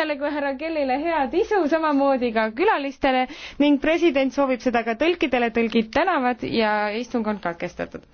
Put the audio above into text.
endale kui härra Kellile head isu, samamoodi ka külalistele ning president soovib seda ka tõlkidele, tõlgid tänavad ja istung on katkestatud.